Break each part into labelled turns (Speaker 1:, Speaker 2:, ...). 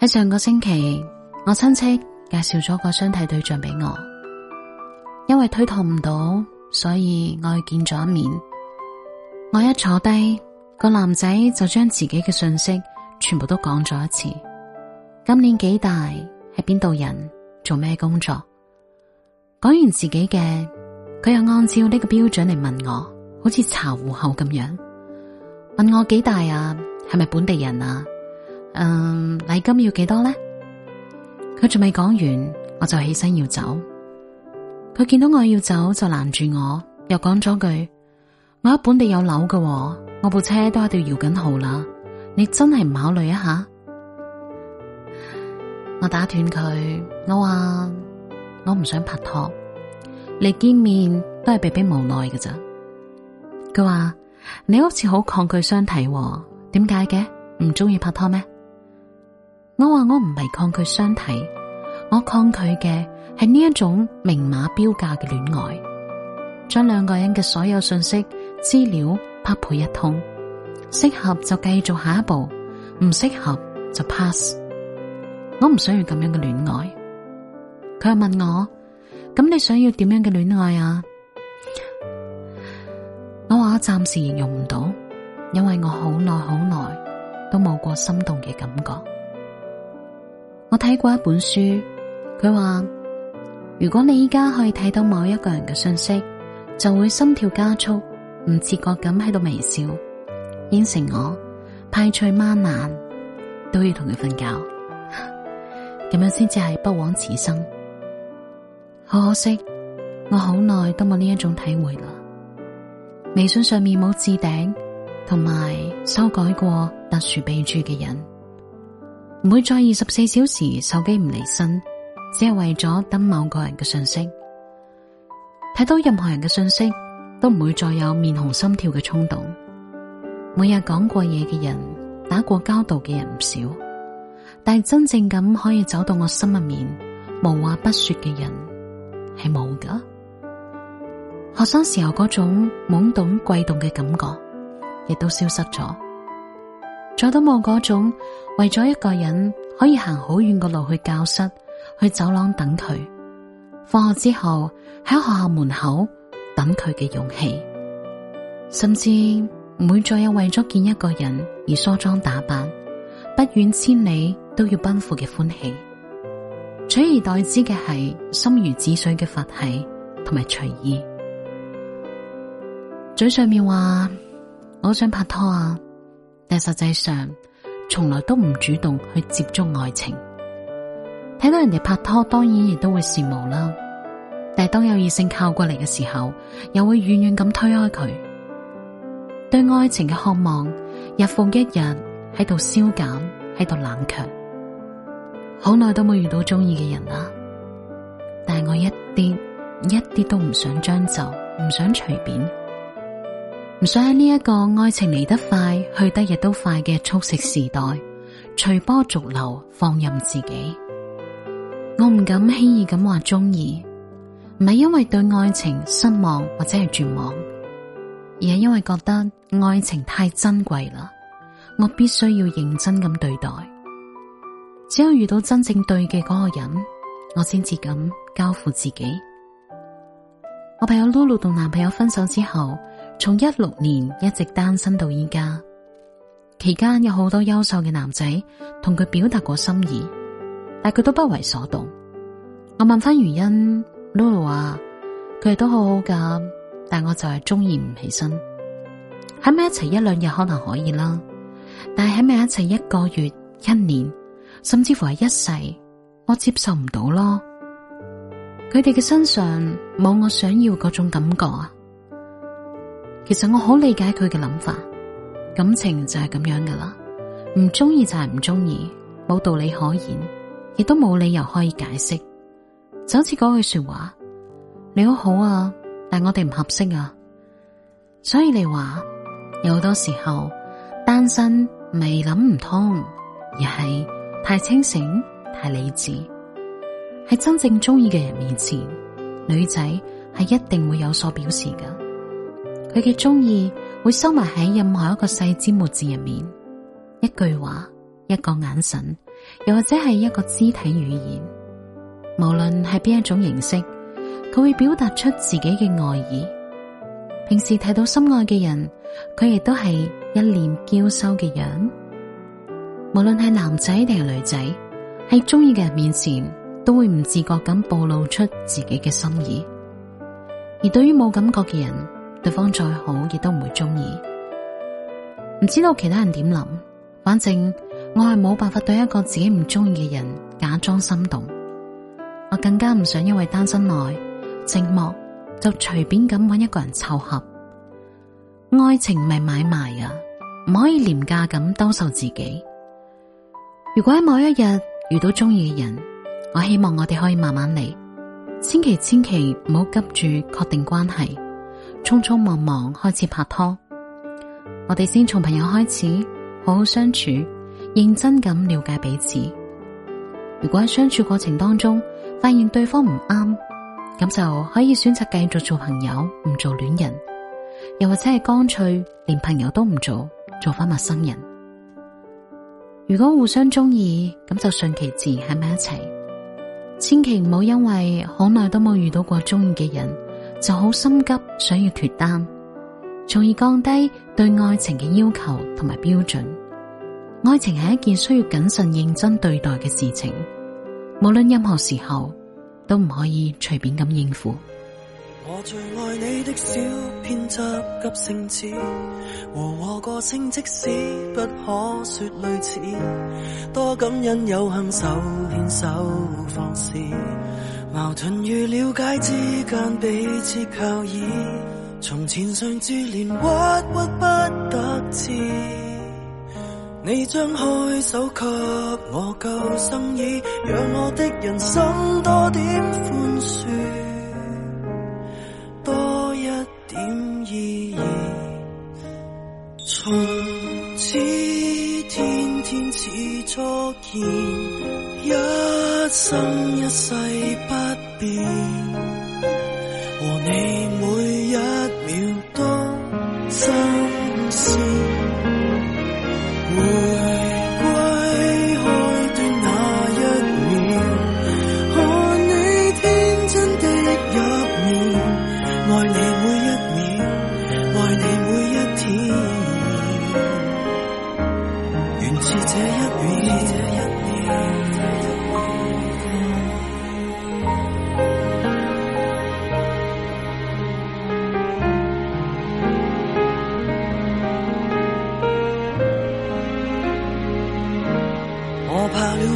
Speaker 1: 喺上個星期，我親戚介紹咗個相睇對象俾我，因為推託唔到，所以我去見咗一面。我一坐低，個男仔就將自己嘅信息全部都講咗一次。今年幾大？係邊度人？做咩工作？講完自己嘅，佢又按照呢個標準嚟問我，好似查戶口咁樣問我幾大啊？係咪本地人啊？嗯，禮金、um, 要幾多呢？佢仲未講完，我就起身要走。佢見到我要走就攔住我，又講咗句：我喺本地有樓嘅，我部車都喺度搖緊號啦。你真係唔考慮一下？我打斷佢，我話我唔想拍拖，你見面都係被逼無奈嘅咋？佢話你好似好抗拒相睇，點解嘅？唔中意拍拖咩？我話我唔係抗拒相睇，我抗拒嘅係呢一種明碼標價嘅戀愛，將兩個人嘅所有信息資料匹配一通，適合就繼續下一步，唔適合就 pass。我唔想要咁樣嘅戀愛。佢又問我：咁你想要點樣嘅戀愛啊？我話我暫時形容唔到，因為我好耐好耐都冇過心動嘅感覺。我睇過一本書，佢話，如果你而家可以睇到某一個人嘅信息，就會心跳加速，唔自覺咁喺度微笑，應承我排除萬難都要同佢瞓覺，咁 樣先至係不枉此生。好可惜，我好耐都冇呢一種體會啦。微信上面冇置頂同埋修改過特殊備註嘅人。唔會再二十四小時手機唔離身，只係為咗等某個人嘅信息。睇到任何人嘅信息，都唔會再有面紅心跳嘅衝動。每日講過嘢嘅人，打過交道嘅人唔少，但係真正咁可以走到我心入面，無話不說嘅人，係冇噶。學生時候嗰種懵懂悸動嘅感覺，亦都消失咗。再都冇嗰種為咗一個人可以行好遠個路去教室、去走廊等佢，放學之後喺學校門口等佢嘅勇氣，甚至唔會再有為咗見一個人而梳妝打扮、不遠千里都要奔赴嘅歡喜。取而代之嘅係心如止水嘅佛系同埋隨意。嘴上面話我想拍拖啊！但係實際上，從來都唔主動去接觸愛情。睇到人哋拍拖，當然亦都會羨慕啦。但係當有異性靠過嚟嘅時候，又會遠遠咁推開佢。對愛情嘅渴望，日復一日喺度消減，喺度冷卻。好耐都冇遇到中意嘅人啦。但係我一啲一啲都唔想將就，唔想隨便。唔想喺呢一個愛情嚟，得快去得亦都快嘅速食時代隨波逐流，放任自己。我唔敢輕易咁話中意，唔係因為對愛情失望或者係絕望，而係因為覺得愛情太珍貴啦，我必須要認真咁對待。只有遇到真正對嘅嗰個人，我先至敢交付自己。我朋友 Lulu 同男朋友分手之後。從一六年一直單身到而家，期間有好多優秀嘅男仔同佢表達過心意，但佢都不為所動。我問翻原因，Lulu 話佢哋都好好噶，但我就係鍾意唔起身。喺埋一齊一兩日可能可以啦，但係喺埋一齊一個月、一年，甚至乎係一世，我接受唔到咯。佢哋嘅身上冇我想要嗰種感覺啊！其實我好理解佢嘅諗法，感情就係咁樣噶啦，唔中意就係唔中意，冇道理可言，亦都冇理由可以解釋。就好似嗰句說話，你好好啊，但我哋唔合適啊。所以你話，有好多時候單身未諗唔通，而係太清醒、太理智。喺真正中意嘅人面前，女仔係一定會有所表示噶。佢嘅鍾意會收埋喺任何一個細枝末節入面，一句話，一個眼神，又或者係一個肢體語言，無論係邊一種形式，佢會表達出自己嘅愛意。平時睇到心愛嘅人，佢亦都係一臉嬌羞嘅樣。無論係男仔定係女仔，喺鍾意嘅人面前，都會唔自覺咁暴露出自己嘅心意。而對於冇感覺嘅人，對方再好，亦都唔會中意。唔知道其他人點諗，反正我係冇辦法對一個自己唔中意嘅人假裝心動。我更加唔想因為單身耐寂寞，就隨便咁揾一個人湊合。愛情唔係買賣啊，唔可以廉價咁兜售自己。如果喺某一日遇到中意嘅人，我希望我哋可以慢慢嚟，千祈千祈唔好急住確定關係。匆匆忙忙開始拍拖，我哋先從朋友開始，好好相處，認真咁了解彼此。如果喺相處過程當中發現對方唔啱，咁就可以選擇繼續做朋友，唔做戀人，又或者係乾脆連朋友都唔做，做返陌生人。如果互相中意，咁就順其自然喺埋一齊。千祈唔好因為好耐都冇遇到過中意嘅人。就好心急，想要脫單，從而降低對愛情嘅要求同埋標準。愛情係一件需要謹慎認真對待嘅事情，無論任何時候，都唔可以隨便咁應付。
Speaker 2: 我最愛你的小偏執急性子，和我個性，即使不可説類似，多感恩有幸手牽手放肆，矛盾與了解之間彼此靠倚，從前常自憐屈屈不得志，你張開手給我救生意，讓我的人生多點寬恕。生一世不變，和你每一秒都新鮮。回歸開端那一面，看你天真的一面，愛你每一秒，愛你每一天，緣自這一秒。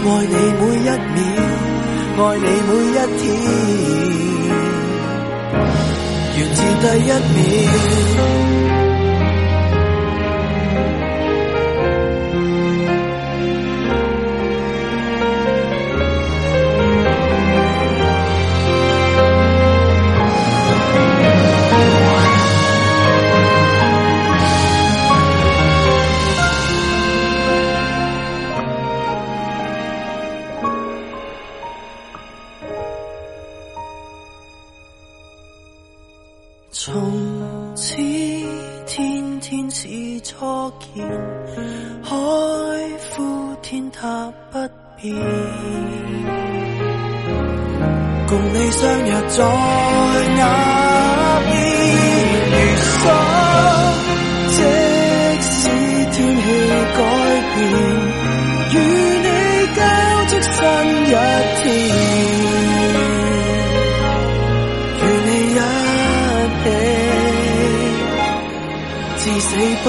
Speaker 2: 愛你每一秒，愛你每一天，源自第一秒。海枯天塌不變，共你相約在那邊。如梭，即使天氣改變，與你交織新一天，與你一起，至死不。